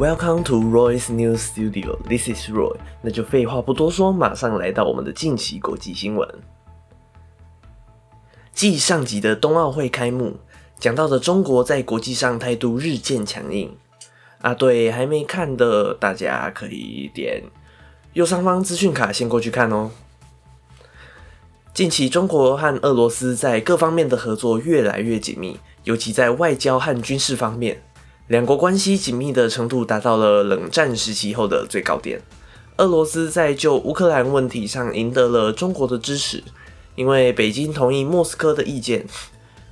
Welcome to Roy's News Studio. This is Roy. 那就廢話不多說，馬上來到我們的近期國際新聞。繼上集的冬奧會開幕，講到的中國在國際上態度日漸強硬。啊，對，還沒看的大家可以點右上方資訊卡先過去看哦。近期中國和俄羅斯在各方面的合作越來越緊密，尤其在外交和軍事方面。兩國關係緊密的程度達到了冷戰時期後的最高點。俄羅斯在就烏克蘭問題上贏得了中國的支持，因為北京同意莫斯科的意見。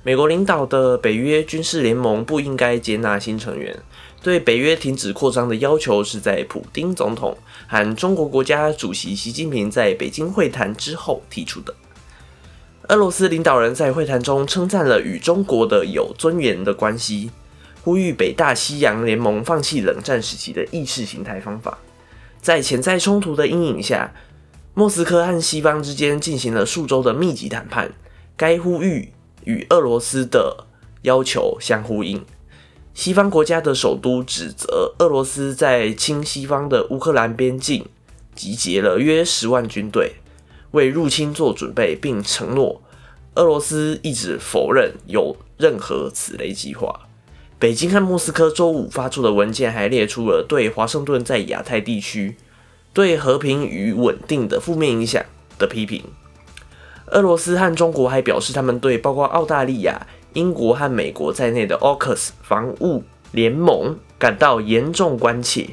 美國領導的北約軍事聯盟不應該接納新成員。對北約停止擴張的要求是在普丁總統和中國國家主席習近平在北京會談之後提出的。俄羅斯領導人在會談中稱讚了與中國的有尊嚴的關係。呼籲北大西洋聯盟放棄冷戰時期的意識形態方法。在潛在衝突的陰影下，莫斯科和西方之間進行了數週的密集談判。該呼籲與俄羅斯的要求相呼應。西方國家的首都指責俄羅斯在親西方的烏克蘭邊境集結了約十萬軍隊，為入侵做準備，並承諾俄羅斯一直否認有任何此類計劃。北京和莫斯科周五發出的文件還列出了對華盛頓在亞太地區對和平與穩定的負面影響的批評。俄羅斯和中國還表示，他們對包括澳大利亞、英國和美國在內的 AUKUS 防務聯盟感到嚴重關切。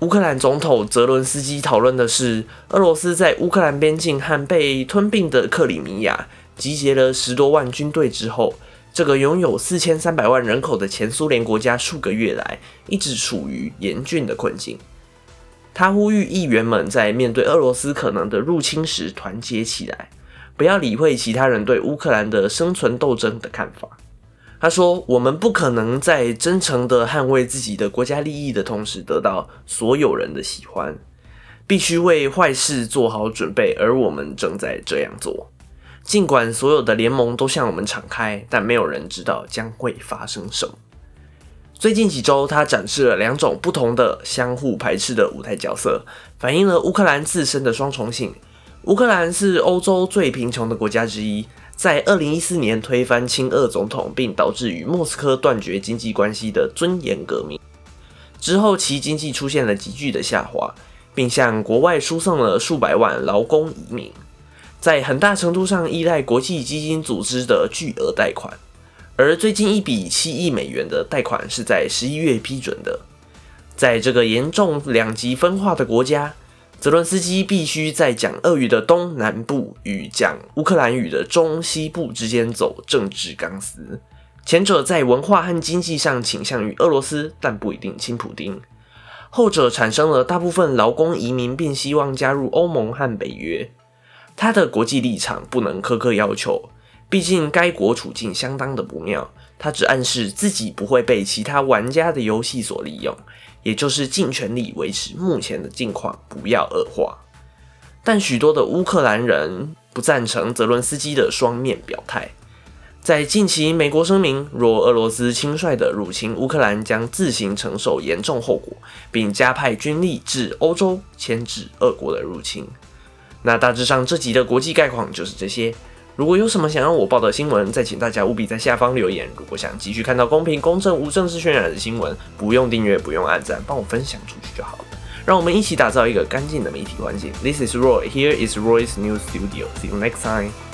烏克蘭總統澤倫斯基討論的是，俄羅斯在烏克蘭邊境和被吞併的克里米亞集結了十多萬軍隊之後。這個擁有四千三百萬人口的前蘇聯國家數個月來一直處於嚴峻的困境。他呼籲議員們在面對俄羅斯可能的入侵時團結起來，不要理會其他人對烏克蘭的生存鬥爭的看法。他說：“我們不可能在真誠地捍衛自己的國家利益的同時得到所有人的喜歡，必須為壞事做好準備，而我們正在這樣做。”儘管所有的聯盟都向我們敞開，但沒有人知道將會發生什麼。最近幾周，他展示了兩種不同的、相互排斥的舞台角色，反映了烏克蘭自身的雙重性。烏克蘭是歐洲最貧窮的國家之一，在2014年推翻親俄總統並導致與莫斯科斷絕經濟關係的尊嚴革命之後，其經濟出現了急劇的下滑，並向國外輸送了數百萬勞工移民。在很大程度上依賴國際基金組織的巨額貸款，而最近一筆七億美元的貸款是在十一月批准的。在這個嚴重兩極分化的國家，澤倫斯基必須在講俄語的東南部與講烏克蘭語的中西部之間走政治鋼絲。前者在文化和經濟上傾向於俄羅斯，但不一定親普丁；後者產生了大部分勞工移民，並希望加入歐盟和北約。他的國際立場不能苛刻要求，畢竟該國處境相當的不妙。他只暗示自己不會被其他玩家的遊戲所利用，也就是盡全力維持目前的境況不要惡化。但許多的烏克蘭人不贊成澤倫斯基的雙面表態。在近期，美國聲明若俄羅斯輕率的入侵烏克蘭，將自行承受嚴重後果，並加派軍力至歐洲牽制俄國的入侵。那大致上這集的國際概況就是這些。如果有什麼想讓我報的新聞，再請大家務必在下方留言。如果想繼續看到公平、公正、無政治渲染的新聞，不用訂閱，不用按讚，幫我分享出去就好了。讓我們一起打造一個乾淨的媒體環境。This is Roy, here is Roy's new studio. See you next time.